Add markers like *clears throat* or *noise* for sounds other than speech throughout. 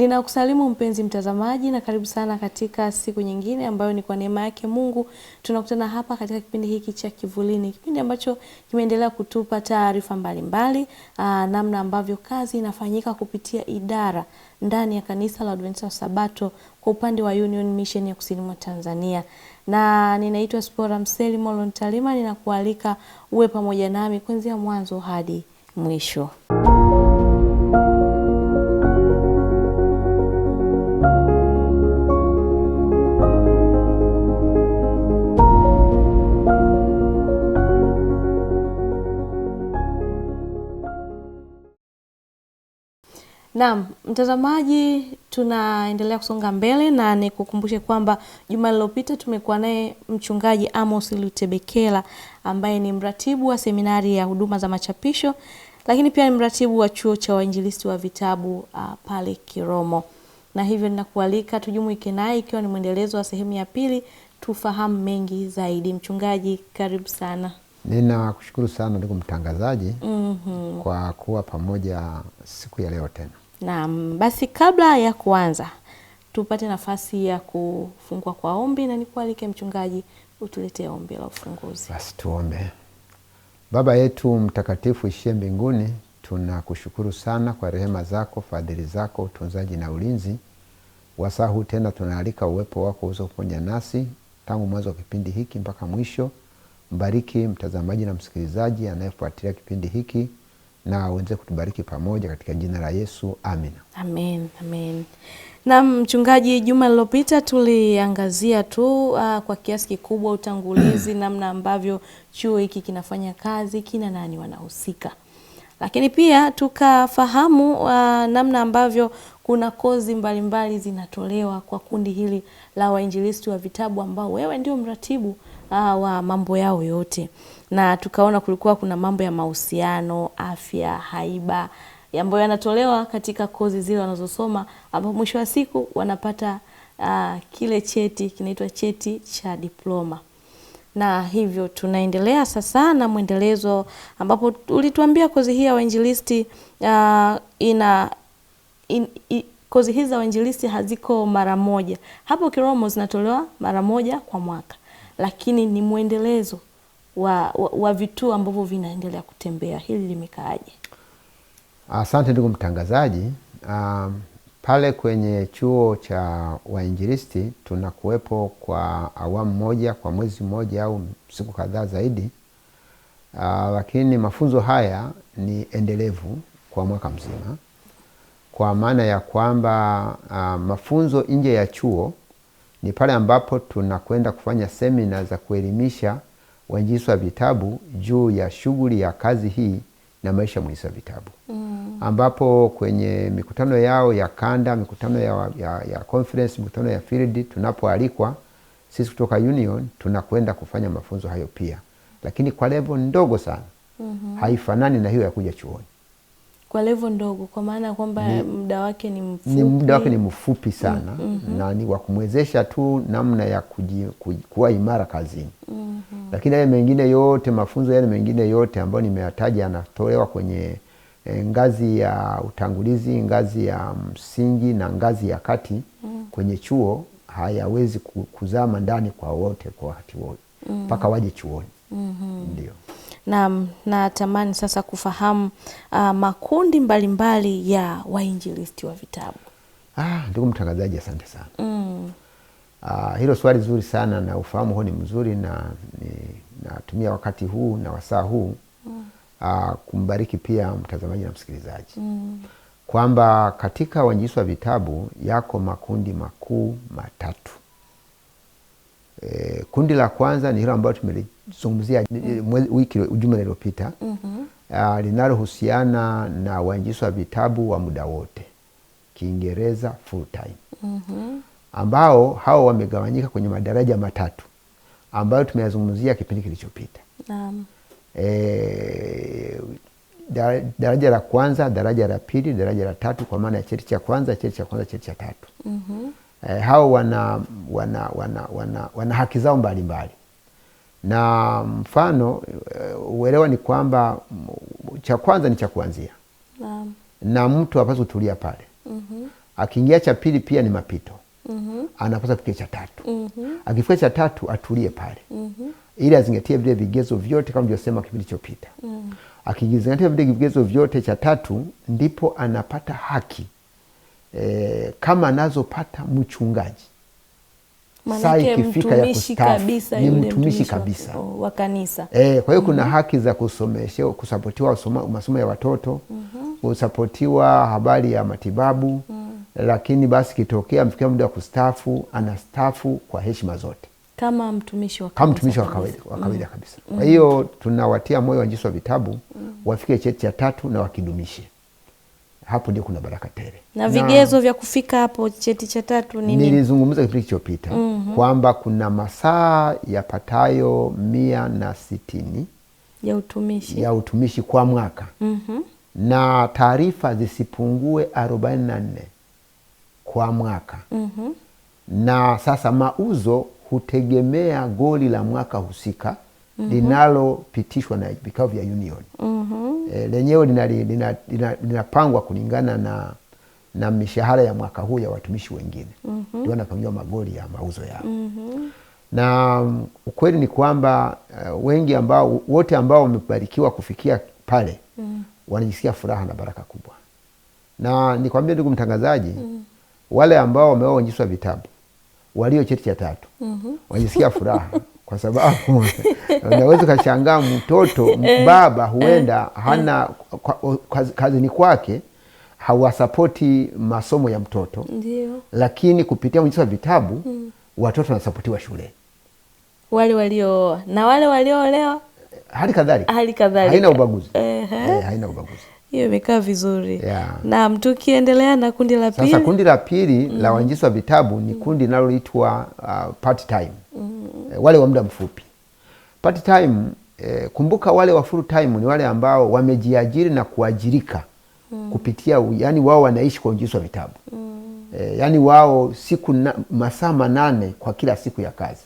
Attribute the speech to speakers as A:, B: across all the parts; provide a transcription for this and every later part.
A: Ninakusalimu mpenzi mtazamaji, na karibu sana katika siku nyingine ambayo ni kwa neema yake Mungu tunakutana hapa katika kipindi hiki cha Kivulini, kipindi ambacho kimeendelea kutupa taarifa mbalimbali, ah, namna ambavyo kazi inafanyika kupitia idara ndani ya kanisa la Waadventista wa Sabato kwa upande wa Union Mission ya kusini mwa Tanzania na ninaitwa Spora Mseli Molontalima, ninakualika uwe pamoja nami kuanzia mwanzo hadi mwisho. Naam, mtazamaji, tunaendelea kusonga mbele na nikukumbushe kwamba juma lililopita tumekuwa naye mchungaji Amos Lutebekela ambaye ni mratibu wa seminari ya huduma za machapisho, lakini pia ni mratibu wa chuo cha wainjilisti wa vitabu uh, pale Kiromo, na hivyo ninakualika tujumuike naye ikiwa ni mwendelezo wa sehemu ya pili, tufahamu mengi zaidi. Mchungaji, karibu
B: sana. Ninakushukuru sana ndugu mtangazaji, mm -hmm. kwa kuwa pamoja siku ya leo
A: tena Naam, basi kabla ya kuanza tupate nafasi ya kufungua kwa ombi na nikualike mchungaji utuletee
B: ombi la ufunguzi. Basi tuombe. Baba yetu mtakatifu ishie mbinguni, tunakushukuru sana kwa rehema zako, fadhili zako, utunzaji na ulinzi. Wasaa huu tena tunaalika uwepo wako uweze kuponya nasi tangu mwanzo wa kipindi hiki mpaka mwisho. Mbariki mtazamaji na msikilizaji anayefuatilia kipindi hiki na aweze kutubariki pamoja katika jina la
A: Yesu, amen, amen, amen. Na mchungaji, juma lilopita tuliangazia tu uh, kwa kiasi kikubwa utangulizi *clears throat* namna ambavyo chuo hiki kinafanya kazi, kina nani wanahusika, lakini pia tukafahamu uh, namna ambavyo kuna kozi mbalimbali mbali zinatolewa kwa kundi hili la wainjilisti wa vitabu ambao wewe ndio mratibu Ah, wa mambo yao yote, na tukaona kulikuwa kuna mambo ya mahusiano, afya, haiba ambayo yanatolewa katika kozi zile wanazosoma, ambapo mwisho wa siku wanapata uh, kile cheti kinaitwa cheti cha diploma na hivyo tunaendelea sasa na mwendelezo ambapo ulituambia kozi hii ya wainjilisti uh, ina in, i, kozi hizi za wainjilisti haziko mara moja hapo kiromo zinatolewa mara moja kwa mwaka lakini ni mwendelezo wa, wa, wa vituo ambavyo vinaendelea kutembea. Hili limekaaje?
B: Asante ndugu mtangazaji. Um, pale kwenye chuo cha wainjilisti tunakuwepo kwa awamu moja kwa mwezi mmoja au siku kadhaa zaidi. Uh, lakini mafunzo haya ni endelevu kwa mwaka mzima, kwa maana ya kwamba uh, mafunzo nje ya chuo ni pale ambapo tunakwenda kufanya semina za kuelimisha wainjilisti wa vitabu juu ya shughuli ya kazi hii na maisha mwinjilisti wa vitabu mm. ambapo kwenye mikutano yao ya kanda, mikutano ya, ya, ya conference, mikutano ya field, tunapoalikwa sisi kutoka union tunakwenda kufanya mafunzo hayo pia, lakini kwa level ndogo sana mm -hmm. haifanani na hiyo ya kuja chuoni
A: kwa levo ndogo, kwa maana kwamba muda wake
B: ni mfupi, ni muda wake ni mfupi sana mm -hmm. na ni wa kumwezesha tu namna ya kuji, kuj, kuwa imara kazini mm -hmm. lakini haya mengine yote, mafunzo yale mengine yote ambayo nimeyataja yanatolewa kwenye e, ngazi ya utangulizi, ngazi ya msingi na ngazi ya kati mm -hmm. kwenye chuo hayawezi kuzama ndani kwa wote kwa wakati wote mm. mpaka
A: mm -hmm. waje chuoni mm -hmm. ndio na natamani sasa kufahamu uh, makundi mbalimbali mbali ya wainjilisti wa
B: vitabu. Ah, ndugu mtangazaji, asante sana mm. Uh, hilo swali zuri sana na ufahamu huo ni mzuri na natumia wakati huu na wasaa huu mm. uh, kumbariki pia mtazamaji na msikilizaji mm. kwamba katika wainjilisti wa vitabu yako makundi makuu matatu. E, kundi la kwanza ni hilo ambalo zungumzia wiki juma iliyopita mm -hmm. uh, linalohusiana na wanjiswa wa vitabu wa muda wote Kiingereza full time mm -hmm. ambao hao wamegawanyika kwenye madaraja matatu ambayo tumeyazungumzia kipindi kilichopita E, daraja la kwanza, daraja la pili, daraja la tatu, kwa maana ya cheti cha kwanza, cheti cha kwanza, cheti cha tatu mm -hmm. E, hao wana, wana, wana, wana, wana haki zao mbalimbali na mfano eh, uelewa ni kwamba cha kwanza ni cha kuanzia na, na mtu apasa kutulia pale mm -hmm. Akiingia cha pili pia ni mapito mm -hmm. Anapaswa kufikia cha tatu mm -hmm. Akifikia cha tatu atulie pale mm -hmm. Ili azingatie vile vigezo vyote kama ilivyosema kipindi chopita mm -hmm. Akizingatia vile vigezo vyote cha tatu ndipo anapata haki e, kama anazopata mchungaji
A: saa ikifika
B: ya ni mtumishi kabisa
A: wa kanisa
B: e. Kwa hiyo kuna mm -hmm. haki za kusomesha, kusapotiwa masomo ya watoto mm -hmm. kusapotiwa habari ya matibabu mm -hmm. lakini basi kitokea mfikia muda wa kustafu anastafu kwa heshima zote
A: kama mtumishi wa kawaida
B: kabisa, kabisa. Mm. Kwa hiyo tunawatia moyo waandishi wa vitabu mm. wafike cheti cha tatu na wakidumishe hapo ndio kuna
A: baraka tele. Na vigezo na, vya kufika hapo cheti cha
B: tatu nini? Nilizungumza kipindi kilichopita mm -hmm. kwamba kuna masaa yapatayo mia na
A: sitini
B: ya utumishi, ya utumishi kwa mwaka mm -hmm. na taarifa zisipungue arobaini na nne kwa mwaka mm -hmm. na sasa mauzo hutegemea goli la mwaka husika Mm-hmm. linalopitishwa na vikao vya union mm -hmm. e, lenyewe linapangwa lina, lina, lina kulingana na na mishahara ya mwaka huu ya watumishi wengine mm -hmm. ndio wanapangiwa magoli ya mauzo yao mm-hmm. mm -hmm. na ukweli ni kwamba uh, wengi ambao wote ambao wamebarikiwa kufikia pale mm -hmm. wanajisikia furaha na baraka kubwa, na nikwambia ndugu mtangazaji mm -hmm. wale ambao wameonyeshwa vitabu walio cheti cha tatu mm -hmm. wanajisikia furaha *laughs* kwa sababu *laughs* unaweza ukashangaa mtoto eh, eh. baba huenda hana kazini kwake hawasapoti masomo ya mtoto Ndiyo. lakini kupitia mwenyeji wa vitabu mm. watoto wanasapotiwa shule
A: wale waliooa na wale walioolewa hali kadhalika hali kadhalika haina
B: ubaguzi uh eh, -huh.
A: haina ubaguzi hiyo imekaa vizuri yeah. Naam, tukiendelea na kundi
B: la pili sasa, kundi la pili mm. la waandishi wa vitabu ni mm. kundi linaloitwa uh, part time mm. Eh, wale wa muda mfupi part time eh, kumbuka wale wa full time ni wale ambao wamejiajiri na kuajirika mm. kupitia yani wao wanaishi kwa uandishi wa vitabu mm. eh, yani wao siku na, masaa manane kwa kila siku ya kazi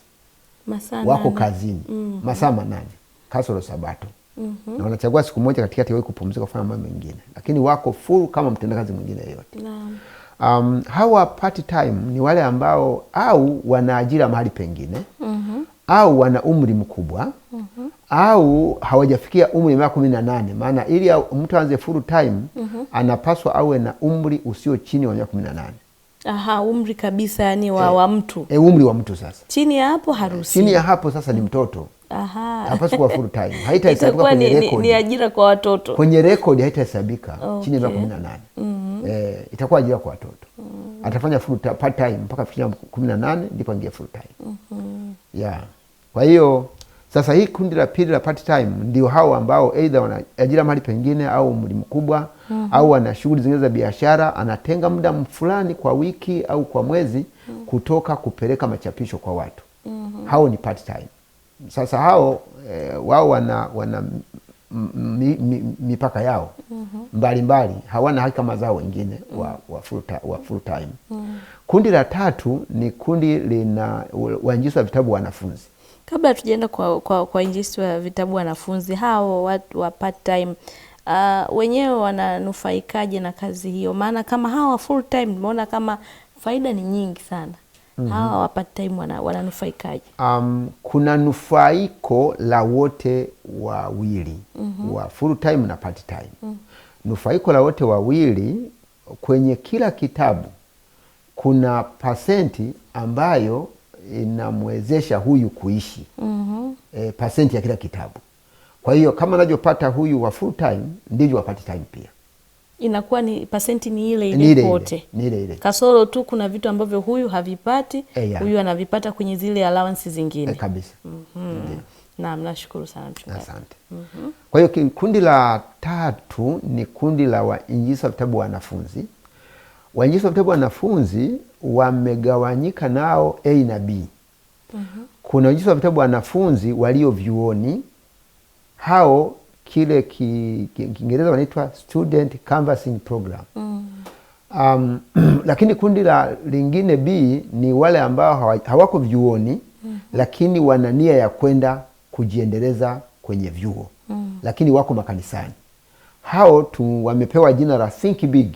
B: masaa wako nane. kazini mm. masaa manane kasoro Sabato mm -hmm. na wanachagua siku moja katikati ya wiki kupumzika kufanya mambo mengine, lakini wako full kama mtendakazi mwingine yeyote Um, hawa part time ni wale ambao au wana ajira mahali pengine mm -hmm. au wana umri mkubwa mm -hmm. au hawajafikia umri miaka kumi na nane. Maana ili mtu aanze full time mm -hmm. anapaswa awe na umri usio chini wa
A: miaka kumi na nane. Aha, umri kabisa yani wa, e, wa
B: mtu e, umri wa mtu
A: sasa. Chini ya hapo
B: haruhusiwi. Chini ya hapo sasa ni mtoto hapasikuwa full time, *laughs* haitahesabika
A: kwenye rekodi. Ni ajira
B: kwa watoto kwenye rekodi haitahesabika okay. chini ya miaka kumi na nane mm -hmm. eh, itakuwa ajira kwa watoto mm -hmm. atafanya full time, part time mpaka fikia kumi na nane ndipo aingie full time mm -hmm. yeah. kwa hiyo sasa hii kundi la pili la part time ndio hao ambao aidha wana ajira mahali pengine au umri mkubwa mm -hmm. au ana shughuli zingine za biashara, anatenga muda fulani kwa wiki au kwa mwezi mm -hmm. kutoka kupeleka machapisho kwa watu mm -hmm. hao ni part time sasa hao e, wao wana, wana mi, mi, mipaka yao mbalimbali mm-hmm. mm -hmm. mbali, hawana haki kama zao wengine mm -hmm. wa, wa, full, wa full time mm -hmm. Kundi la tatu ni kundi lina wainjisi wa vitabu
A: wanafunzi. Kabla tujaenda kwa, kwa, kwa injisi wa vitabu wanafunzi hao watu wa part time uh, wenyewe wananufaikaje na kazi hiyo? Maana kama hawa full time tumeona kama faida ni nyingi sana mm -hmm. hawa wapart time wananufaikaje?
B: wana um, kuna nufaiko la wote wawili mm -hmm. wa full time na part time mm -hmm. nufaiko la wote wawili kwenye kila kitabu kuna pasenti ambayo inamwezesha huyu kuishi mm -hmm. e, pasenti ya kila kitabu. Kwa hiyo kama anavyopata huyu wa full time ndivyo wa part time pia
A: inakuwa ni pasenti ni
B: ile ile pote
A: kasoro tu kuna vitu ambavyo huyu havipati e, huyu anavipata kwenye zile allowance
B: zingine e, kabisa.
A: mm -hmm. nashukuru sana
B: mchungaji, asante. mm -hmm. Kwa hiyo kundi la tatu ni kundi la wainjilisti wa vitabu wanafunzi. Wainjilisti wa vitabu wanafunzi wamegawanyika nao A na B. mm -hmm. Kuna wainjilisti wa vitabu wanafunzi walio vyuoni hao kile Kiingereza ki, wanaitwa student canvassing program mm. Um, *clears throat* lakini kundi la lingine B ni wale ambao hawako vyuoni mm. lakini wana nia ya kwenda kujiendeleza kwenye vyuo mm. lakini wako makanisani. Hao tu wamepewa jina la think big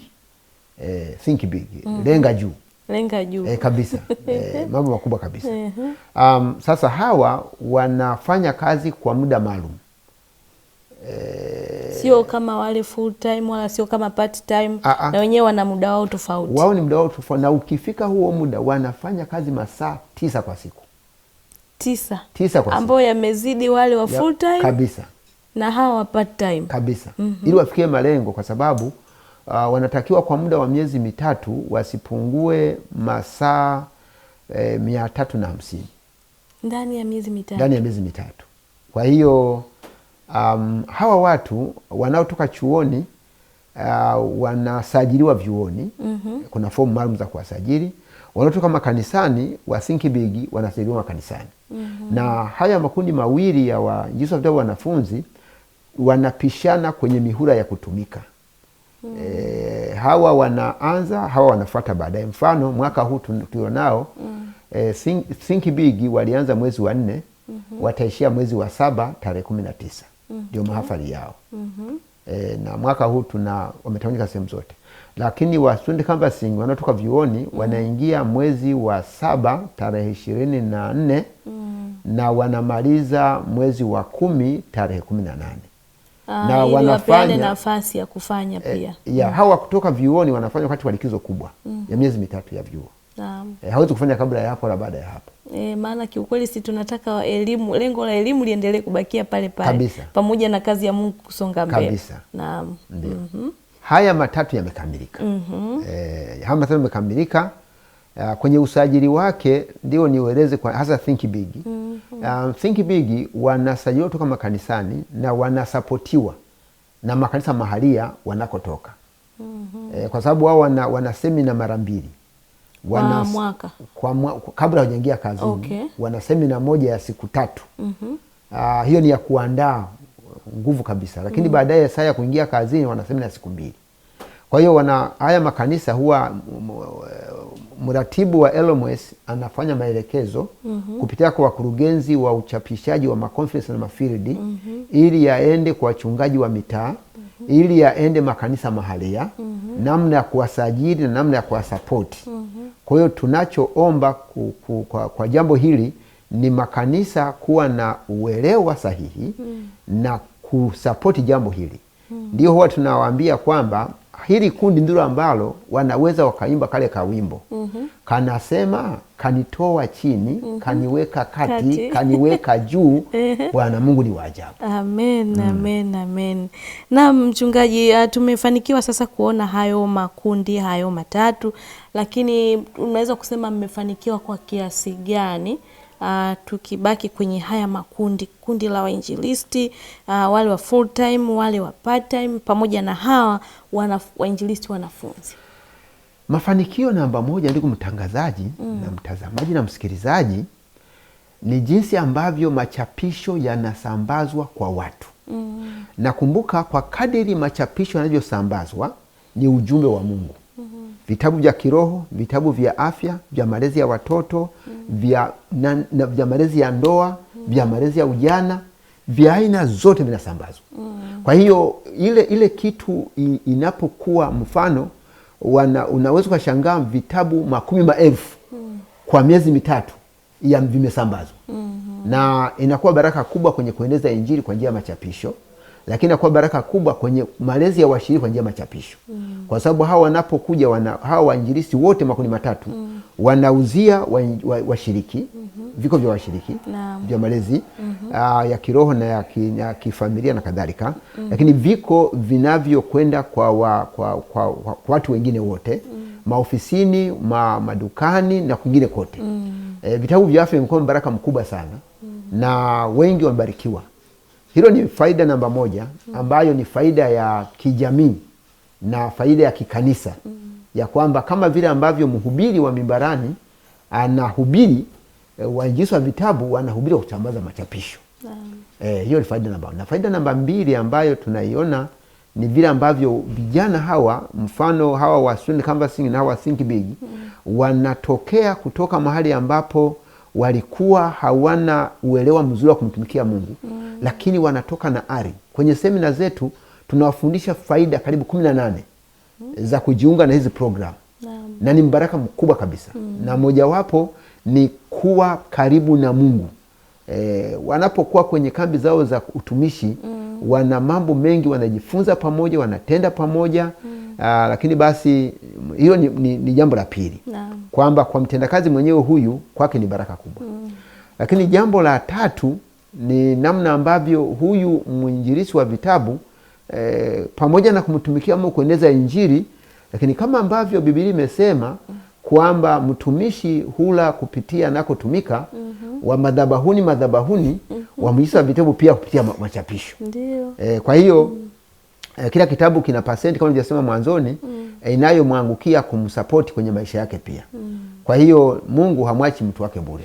B: eh, think big mm. lenga juu
A: lenga juu eh,
B: kabisa *laughs* eh, mambo makubwa kabisa mm -hmm. Um, sasa hawa wanafanya kazi kwa muda maalum
A: Eh, sio kama wale full time wala sio kama part time -a. Ah, ah. na wenyewe wana muda wao tofauti.
B: Wao ni muda wao tofauti, na ukifika huo muda wanafanya kazi masaa tisa kwa siku tisa, tisa
A: kwa siku ambayo yamezidi wale wa full time kabisa na hawa wa part time
B: kabisa mm -hmm. ili wafikie malengo kwa sababu uh, wanatakiwa kwa muda wa miezi mitatu wasipungue masaa eh, mia tatu na
A: hamsini ndani ya miezi mitatu,
B: ndani ya miezi mitatu. Kwa hiyo um, hawa watu wanaotoka chuoni uh, wanasajiliwa vyuoni mm -hmm. Kuna fomu maalum za kuwasajili. Wanaotoka makanisani wa Think wanasajiliwa makanisani mm -hmm. Na haya makundi mawili ya wa vitabu wanafunzi wanapishana kwenye mihula ya kutumika mm -hmm. E, hawa wanaanza, hawa wanafuata baadaye. Mfano mwaka huu tulionao mm -hmm. e, Think Big walianza mwezi wa nne mm -hmm. wataishia mwezi wa saba tarehe kumi na tisa Mhm. ndio mm -hmm. mahafali yao mm -hmm. e, na mwaka huu tuna wametawanyika sehemu zote, lakini wa canvassing wanaotoka vyuoni mm -hmm. wanaingia mwezi wa saba tarehe ishirini na nne mm -hmm. na wanamaliza mwezi wa kumi tarehe kumi na nane
A: ah, na ah, wanafanya nafasi ya kufanya
B: e, pia e, ya, mm. hawa kutoka vyuoni wanafanya wakati wa likizo kubwa mm. ya miezi mitatu ya vyuo Naam. E, eh, hawezi kufanya kabla ya
A: hapo na baada ya hapo. E, maana kiukweli si tunataka elimu, lengo la elimu liendelee kubakia pale
B: pale. Kabisa. Pamoja na
A: kazi ya Mungu kusonga
B: mbele. Kabisa. Naam. Ndio. Mm -hmm. Haya matatu yamekamilika. mm -hmm. E, haya matatu yamekamilika ah, kwenye usajili wake ndio niueleze kwa hasa Think Big. mm -hmm. Um, Think Big wanasajiliwa kutoka makanisani na wanasapotiwa na makanisa mahalia wanakotoka. mm -hmm. E, kwa sababu wao wana, wana semina
A: mara mbili wana, mwaka.
B: Kwa mwa, kabla hujaingia kazini okay. Wana semina moja ya siku tatu mm -hmm. Uh, hiyo ni ya kuandaa nguvu kabisa, lakini mm -hmm. Baadaye saa ya kuingia kazini wana semina ya siku mbili. Kwa hiyo wana haya makanisa huwa eh, mratibu wa LMS anafanya maelekezo mm -hmm. kupitia kwa wakurugenzi wa uchapishaji wa makonferensi na mafildi mm -hmm. ili yaende kwa wachungaji wa mitaa mm -hmm. ili yaende makanisa mahalia mm -hmm. namna ya kuwasajili na namna ya kuwasapoti mm -hmm. Kwa hiyo tunachoomba ku, ku, kwa, kwa jambo hili ni makanisa kuwa na uelewa sahihi mm. na kusapoti jambo hili mm. Ndio huwa tunawaambia kwamba hili kundi ndilo ambalo wanaweza wakaimba kale kawimbo mm -hmm. kanasema kanitoa chini mm -hmm. kaniweka kati, kati. *laughs* kaniweka juu mm-hmm. Bwana Mungu ni waajabu.
A: Amen, mm. amen, amen. Na mchungaji, ah, tumefanikiwa sasa kuona hayo makundi hayo matatu lakini unaweza kusema mmefanikiwa kwa kiasi gani? Uh, tukibaki kwenye haya makundi, kundi la wainjilisti uh, wale wa full time, wale wa part time, pamoja na hawa wanaf wainjilisti wanafunzi.
B: Mafanikio namba moja, ndugu mtangazaji mm. na mtazamaji na msikilizaji, ni jinsi ambavyo machapisho yanasambazwa kwa watu mm. Nakumbuka kwa kadiri machapisho yanavyosambazwa ni ujumbe wa Mungu hmm vitabu vya kiroho, vitabu vya afya, vya malezi ya watoto mm-hmm. vya, na, na, vya malezi ya ndoa mm-hmm. vya malezi ya ujana vya aina zote vinasambazwa mm-hmm. kwa hiyo ile, ile kitu inapokuwa mfano wana, unaweza ukashangaa vitabu makumi maelfu mm-hmm. kwa miezi mitatu ya vimesambazwa mm-hmm. na inakuwa baraka kubwa kwenye kueneza Injili kwa njia ya machapisho lakini akuwa baraka kubwa kwenye malezi ya washiriki kwa njia ya machapisho mm. kwa sababu hawa wanapokuja wana, hawa wainjilisti wote makundi matatu mm. wanauzia washiriki wa, wa mm -hmm. viko vya washiriki vya malezi mm -hmm. uh, ya kiroho na ya, ki, ya kifamilia na kadhalika mm -hmm. lakini viko vinavyokwenda kwa, wa, kwa, kwa, kwa, kwa watu wengine wote mm -hmm. maofisini ma, madukani na kwingine kote mm -hmm. vitabu vya afya vimekuwa baraka mkubwa sana mm -hmm. na wengi wamebarikiwa hilo ni faida namba moja ambayo ni faida ya kijamii na faida ya kikanisa ya kwamba kama vile ambavyo mhubiri wa mimbarani anahubiri eh, wainjilisti wa vitabu wanahubiri wa kusambaza machapisho. E, hiyo ni faida namba na faida namba mbili ambayo tunaiona ni vile ambavyo vijana hawa mfano hawa wa canvassing na hawa think big hmm. wanatokea kutoka mahali ambapo walikuwa hawana uelewa mzuri wa kumtumikia Mungu mm. Lakini wanatoka na ari. Kwenye semina zetu tunawafundisha faida karibu kumi na nane mm. za kujiunga na hizi programu na ni mbaraka mkubwa kabisa mm. na mojawapo ni kuwa karibu na Mungu e, wanapokuwa kwenye kambi zao za utumishi mm. wana mambo mengi wanajifunza pamoja, wanatenda pamoja mm Aa, ah, lakini basi hiyo ni, ni, ni jambo la pili kwamba kwa, kwa mtendakazi mwenyewe huyu kwake ni baraka kubwa mm. Lakini jambo la tatu ni namna ambavyo huyu mwinjilisi wa vitabu e, pamoja na kumtumikia Mungu kueneza Injili, lakini kama ambavyo Biblia imesema kwamba mtumishi hula kupitia anakotumika mm -hmm. wa madhabahuni madhabahuni mm -hmm. wa mwinjilisi wa vitabu pia kupitia machapisho e, kwa hiyo mm. Eh, kila kitabu kina pasenti kama nilivyosema mwanzoni mm. eh, inayomwangukia kumsapoti kwenye maisha yake pia mm. Kwa hiyo Mungu hamwachi mtu wake bure.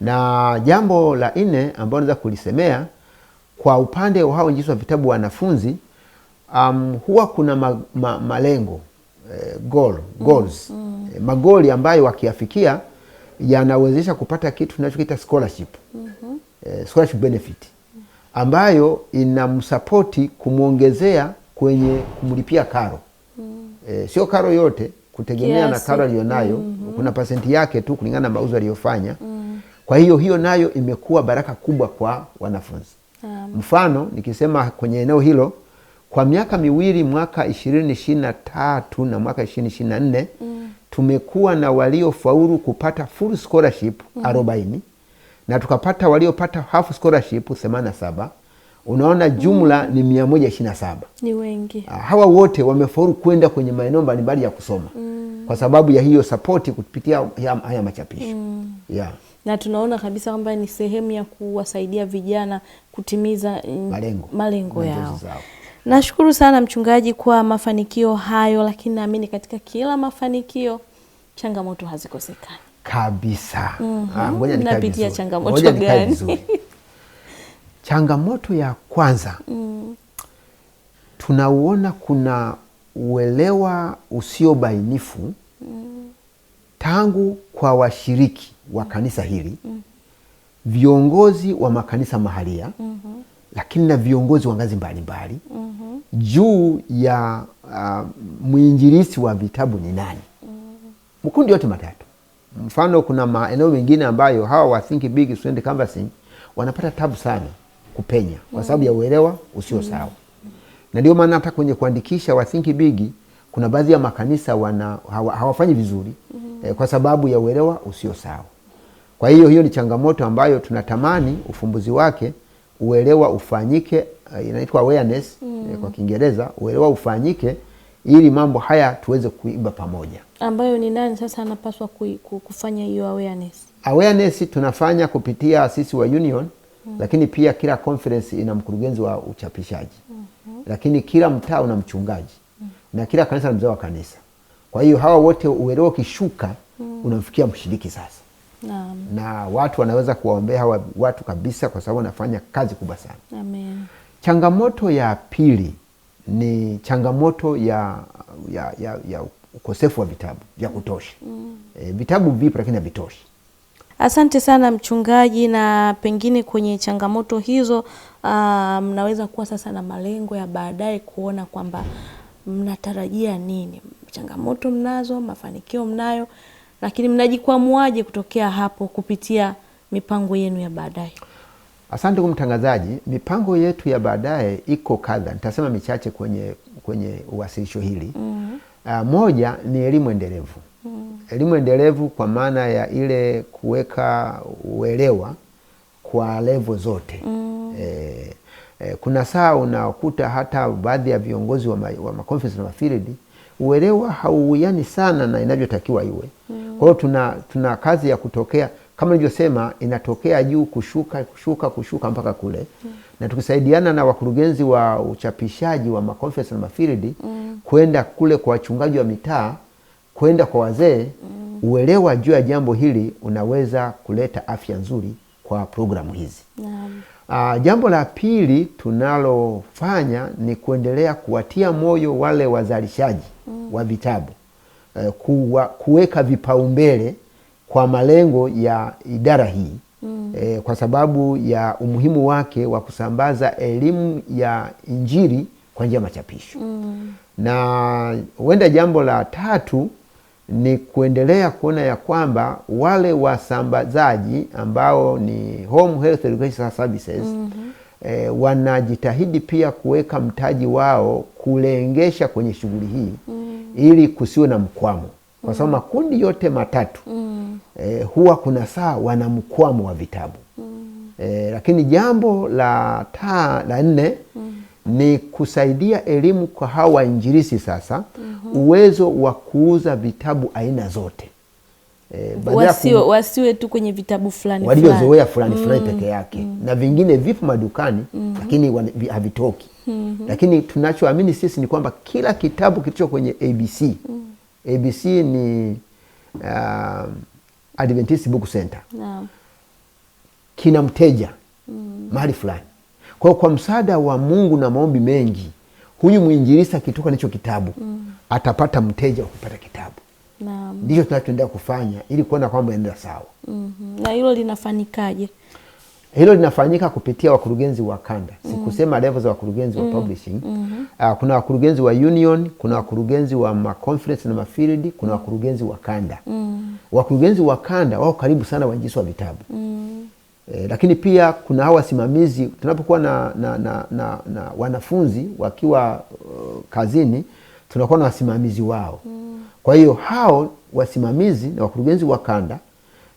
B: Na jambo la nne ambalo naweza kulisemea kwa upande wa hao wenjiswa vitabu wanafunzi, um, huwa kuna ma, ma, malengo eh, goal, mm. goals mm. eh, magoli ambayo wakiafikia yanawezesha kupata kitu tunachokiita scholarship mm -hmm. eh, scholarship benefit ambayo inamsapoti kumwongezea kwenye kumlipia karo mm. E, sio karo yote kutegemea yes, na karo aliyonayo mm -hmm. Kuna pasenti yake tu kulingana na mauzo aliyofanya mm. Kwa hiyo hiyo nayo imekuwa baraka kubwa kwa wanafunzi um. Mfano nikisema kwenye eneo hilo kwa miaka miwili mwaka ishirini ishirini na tatu na mwaka ishirini ishirini na nne mm. tumekuwa na waliofaulu kupata full scholarship mm. arobaini mm na tukapata waliopata half scholarship 87 unaona jumla mm. ni 127
A: ni wengi.
B: Ah, hawa wote wamefaulu kwenda kwenye maeneo mbalimbali ya kusoma mm. kwa sababu ya hiyo sapoti kupitia haya machapisho mm.
A: yeah. na tunaona kabisa kwamba ni sehemu ya kuwasaidia vijana kutimiza
B: mm, malengo, malengo
A: yao zao. Nashukuru sana mchungaji kwa mafanikio hayo, lakini naamini katika kila mafanikio changamoto hazikosekani
B: kabisa. Mhm. Ah, ngoja
A: nikapitia changamoto gani?
B: Changamoto ya kwanza mm. tunauona kuna uelewa usiobainifu mm. tangu kwa washiriki wa kanisa hili mm. viongozi wa makanisa mahalia mm -hmm. lakini na viongozi wa ngazi mbalimbali mm -hmm. juu ya uh, ah, mwinjilisi wa vitabu ni nani? mm. mkundi yote matatu Mfano, kuna maeneo mengine ambayo hawa wa Think Big Student Canvassing wanapata tabu sana kupenya kwa sababu ya uelewa usio mm. sawa, na ndio maana hata kwenye kuandikisha wa Think Big kuna baadhi ya makanisa wana hawa, hawafanyi vizuri mm-hmm. eh, kwa sababu ya uelewa usio sawa. Kwa hiyo hiyo ni changamoto ambayo tunatamani ufumbuzi wake, uelewa ufanyike, eh, inaitwa awareness mm. eh, kwa mm. Kiingereza uelewa ufanyike ili mambo haya tuweze kuiba
A: pamoja. Ambayo ni nani sasa anapaswa kufanya hiyo awareness?
B: Awareness tunafanya kupitia sisi wa union mm. Lakini pia kila conference ina mkurugenzi wa uchapishaji mm -hmm. Lakini kila mtaa una mchungaji mm. Na kila kanisa na mzee wa kanisa. Kwa hiyo hawa wote uelewa ukishuka mm. unamfikia mshiriki sasa na, Na watu wanaweza kuwaombea hawa watu kabisa, kwa sababu wanafanya kazi
A: kubwa sana. Amen.
B: Changamoto ya pili ni changamoto ya, ya, ya, ya ukosefu wa vitabu vya kutosha mm. E, vitabu vipo lakini
A: havitoshi. Asante sana mchungaji, na pengine kwenye changamoto hizo ah, mnaweza um, kuwa sasa na malengo ya baadaye kuona kwamba mnatarajia nini? Changamoto mnazo, mafanikio mnayo, lakini mnajikwamuaje kutokea hapo kupitia mipango yenu ya
B: baadaye? Asante ndugu mtangazaji, mipango yetu ya baadaye iko kadha, nitasema michache kwenye kwenye uwasilisho hili mm -hmm. uh, moja ni elimu endelevu mm -hmm. elimu endelevu kwa maana ya ile kuweka uelewa kwa levo zote mm -hmm. e, e, kuna saa unakuta hata baadhi ya viongozi wa, ma, na mafiridi uelewa hauwiani sana na inavyotakiwa iwe mm -hmm. kwa hiyo tuna, tuna kazi ya kutokea kama nilivyosema, inatokea juu kushuka kushuka kushuka mpaka kule mm. na tukisaidiana na wakurugenzi wa uchapishaji wa makonferensi na mafiridi mm. kwenda kule kwa wachungaji wa mitaa, kwenda kwa wazee mm. uelewa juu ya jambo hili unaweza kuleta afya nzuri kwa programu hizi mm. Aa, ah, jambo la pili tunalofanya ni kuendelea kuwatia moyo wale wazalishaji mm. wa vitabu eh, kuwa, kuweka vipaumbele kwa malengo ya idara hii mm. E, kwa sababu ya umuhimu wake wa kusambaza elimu ya Injili kwa njia ya machapisho mm. Na huenda jambo la tatu ni kuendelea kuona ya kwamba wale wasambazaji ambao ni Home Health Education Services mm -hmm. e, wanajitahidi pia kuweka mtaji wao kulengesha kwenye shughuli hii mm. ili kusiwe na mkwamo kwa sababu makundi yote matatu mm. eh, huwa kuna saa wana mkwamo wa vitabu mm. eh, lakini jambo la taa la nne mm. ni kusaidia elimu kwa hawa wainjilisi sasa mm -hmm. uwezo wa kuuza vitabu
A: aina zote eh, wasiwe, kum... wasiwe tu kwenye vitabu fulani
B: waliozoea fulani fulani mm. peke yake mm. na vingine vipo madukani mm -hmm. lakini havitoki mm -hmm. lakini tunachoamini sisi ni kwamba kila kitabu kilicho kwenye ABC mm ABC ni uh, Adventist Book Center yeah. Kina mteja mm. mahali fulani. Kwa kwa msaada wa Mungu na maombi mengi, huyu mwinjilisi akitoka nicho kitabu mm. atapata mteja wa kupata kitabu ndicho tunachoendelea kufanya ili kuona kwamba
A: endelea sawa. mm -hmm. Na hilo
B: linafanikaje? Hilo linafanyika kupitia wakurugenzi wa kanda, sikusema mm. level za wakurugenzi wa mm. publishing. Mm-hmm. Ah, kuna wakurugenzi wa union, kuna wakurugenzi wa maconference na mafield, kuna wakurugenzi wa kanda. Mm. Wakurugenzi wa kanda wao karibu sana wanjiswa wa vitabu eh, lakini pia kuna hawa wasimamizi. Tunapokuwa na, na, na, na, na wanafunzi wakiwa uh, kazini, tunakuwa na wasimamizi wao. Kwa hiyo hao wasimamizi na wakurugenzi wa kanda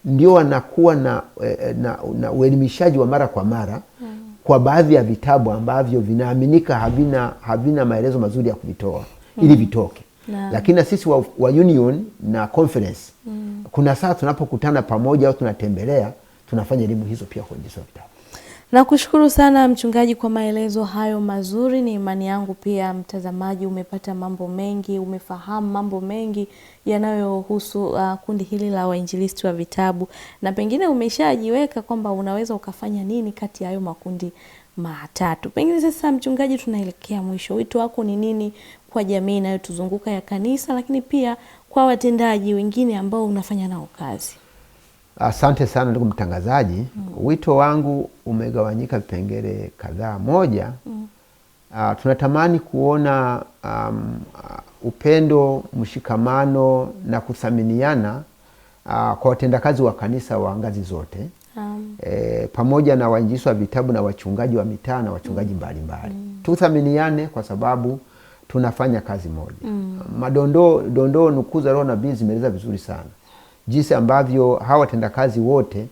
B: ndio wanakuwa na, eh, eh, na, na uelimishaji wa mara kwa mara mm. kwa baadhi ya vitabu ambavyo vinaaminika havina, havina maelezo mazuri ya kuvitoa mm. ili vitoke na. Lakini na sisi wa, wa union na conference mm. kuna saa tunapokutana pamoja au tunatembelea tunafanya elimu hizo pia
A: kwenye hizo vitabu. Nakushukuru sana mchungaji kwa maelezo hayo mazuri. Ni imani yangu pia mtazamaji umepata mambo mengi, umefahamu mambo mengi yanayohusu uh, kundi hili la wainjilisti wa vitabu, na pengine umeshajiweka kwamba unaweza ukafanya nini kati ya hayo makundi matatu. Pengine sasa, mchungaji, tunaelekea mwisho, wito wako ni nini kwa jamii inayotuzunguka ya kanisa, lakini pia kwa watendaji wengine ambao unafanya nao kazi?
B: Asante sana ndugu mtangazaji. mm. Wito wangu umegawanyika vipengele kadhaa. Moja, mm. uh, tunatamani kuona um, uh, upendo, mshikamano na kuthaminiana uh, kwa watendakazi wa kanisa wa ngazi zote um. e, pamoja na wainjilisti wa vitabu na wachungaji wa mitaa na wachungaji mm. mbalimbali mm. tuthaminiane kwa sababu tunafanya kazi moja mm. madondoo dondoo nukuu za Roho Nabii zimeeleza vizuri sana jinsi ambavyo hawa watendakazi wote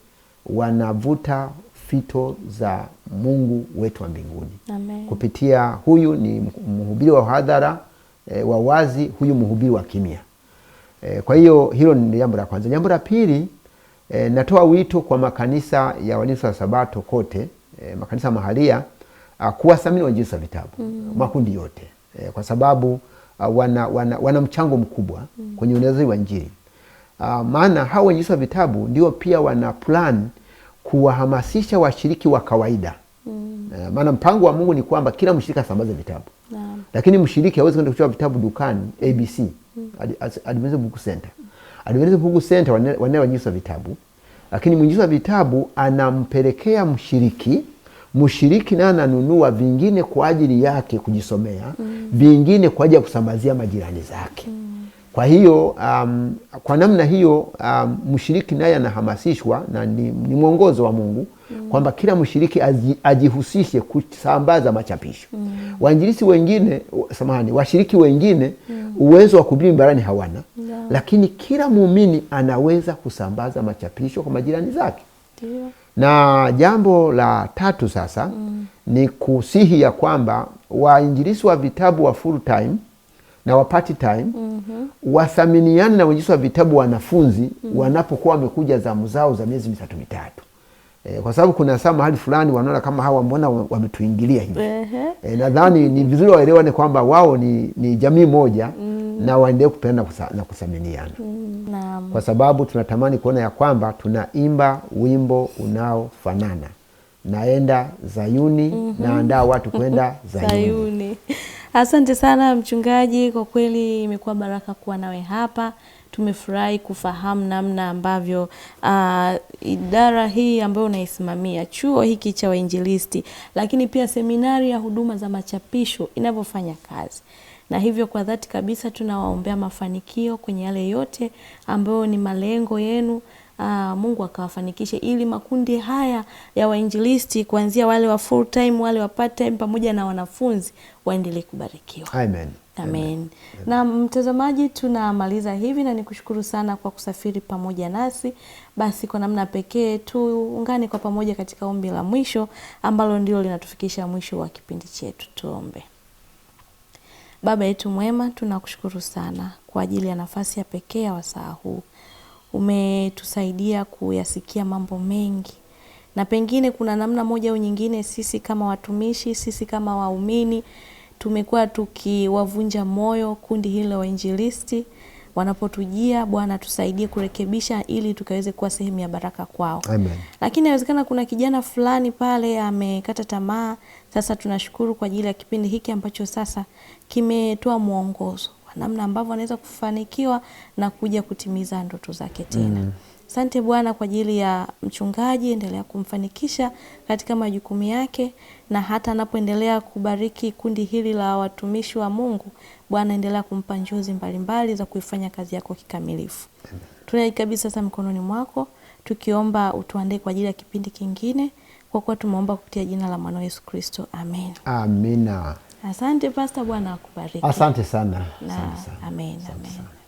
B: wanavuta fito za Mungu wetu wa mbinguni Amen. Kupitia huyu ni mhubiri wa hadhara e, wa wazi, huyu mhubiri wa kimya e, kwa hiyo hilo ni jambo la kwanza. Jambo la pili e, natoa wito kwa makanisa ya walinzi wa Sabato kote e, makanisa mahalia ah, kuwathamini wainjilisti wa vitabu mm. makundi yote e, kwa sababu ah, wana, wana, wana mchango mkubwa mm. kwenye uenezaji wa Injili uh, maana hao wenyeji wa vitabu ndio pia wana plan kuwahamasisha washiriki wa kawaida mm. uh, maana mpango wa Mungu ni kwamba kila mshiriki asambaze vitabu yeah. Lakini mshiriki hawezi kwenda kuchukua vitabu dukani ABC mm. Adventist Book Center mm. Adventist Book Center wane, wane wenyeji wa vitabu, lakini mwenyeji wa vitabu anampelekea mshiriki mshiriki naye ananunua vingine kwa ajili yake kujisomea, mm. vingine kwa ajili ya kusambazia majirani zake mm. Kwa hiyo um, kwa namna hiyo um, mshiriki naye anahamasishwa na ni, ni mwongozo wa Mungu mm. kwamba kila mshiriki ajihusishe kusambaza machapisho mm. wainjilisi wengine, samahani, washiriki wengine mm. uwezo wa kuhubiri barani hawana yeah. Lakini kila muumini anaweza kusambaza machapisho kwa majirani zake yeah. Na jambo la tatu sasa mm. ni kusihi ya kwamba wainjilisi wa vitabu wa full time na part time mm -hmm. wathaminiane na wenyeji wa vitabu wanafunzi mm -hmm. wanapokuwa wamekuja zamu zao za miezi mitatu mitatu e, kwa sababu kuna saa mahali fulani wanaona kama hawa mbona wametuingilia hivi e, nadhani ni vizuri waelewane kwamba wao ni, ni jamii moja mm -hmm. na waendelee kupenda na kuthaminiana mm -hmm. kwa sababu tunatamani kuona ya kwamba tunaimba wimbo unaofanana naenda Zayuni mm -hmm. naandaa watu kwenda *laughs* Zayuni,
A: Zayuni. Asante sana mchungaji, kwa kweli imekuwa baraka kuwa nawe hapa. Tumefurahi kufahamu namna ambavyo uh, idara hii ambayo unaisimamia, chuo hiki cha wainjilisti, lakini pia seminari ya huduma za machapisho inavyofanya kazi, na hivyo kwa dhati kabisa tunawaombea mafanikio kwenye yale yote ambayo ni malengo yenu aa, ah, Mungu akawafanikishe ili makundi haya ya wainjilisti kuanzia wale wa full time, wale wa part time pamoja na wanafunzi waendelee
B: kubarikiwa. Amen.
A: Amen. Amen. Na mtazamaji, tunamaliza hivi na nikushukuru sana kwa kusafiri pamoja nasi. Basi kwa namna pekee tuungane kwa pamoja katika ombi la mwisho ambalo ndilo linatufikisha mwisho wa kipindi chetu. Tuombe. Baba yetu mwema, tunakushukuru sana kwa ajili ya nafasi ya pekee ya wasaa huu umetusaidia kuyasikia mambo mengi, na pengine kuna namna moja au nyingine, sisi kama watumishi, sisi kama waumini tumekuwa tukiwavunja moyo kundi hili la wainjilisti wanapotujia. Bwana tusaidie kurekebisha, ili tukaweze kuwa sehemu ya baraka kwao. Amen. Lakini inawezekana kuna kijana fulani pale amekata tamaa. Sasa tunashukuru kwa ajili ya kipindi hiki ambacho sasa kimetoa mwongozo namna ambavyo anaweza kufanikiwa na kuja kutimiza ndoto zake tena. Mm. Bwana kwa ajili ya mchungaji, endelea kumfanikisha katika majukumu yake, na hata anapoendelea kubariki kundi hili la watumishi wa Mungu, Bwana endelea kumpa njozi mbalimbali za kuifanya kazi yako kikamilifu. Tunaikabisa sasa mikononi mwako, tukiomba utuandae kwa ajili ya kipindi kingine, kwa kuwa tumeomba kupitia jina la mwanao Yesu Kristo, amen.
B: Amina.
A: Asante Pasta, Bwana akubariki.
B: Asante sana.
A: asante sana. Amen, asante amen. Sana.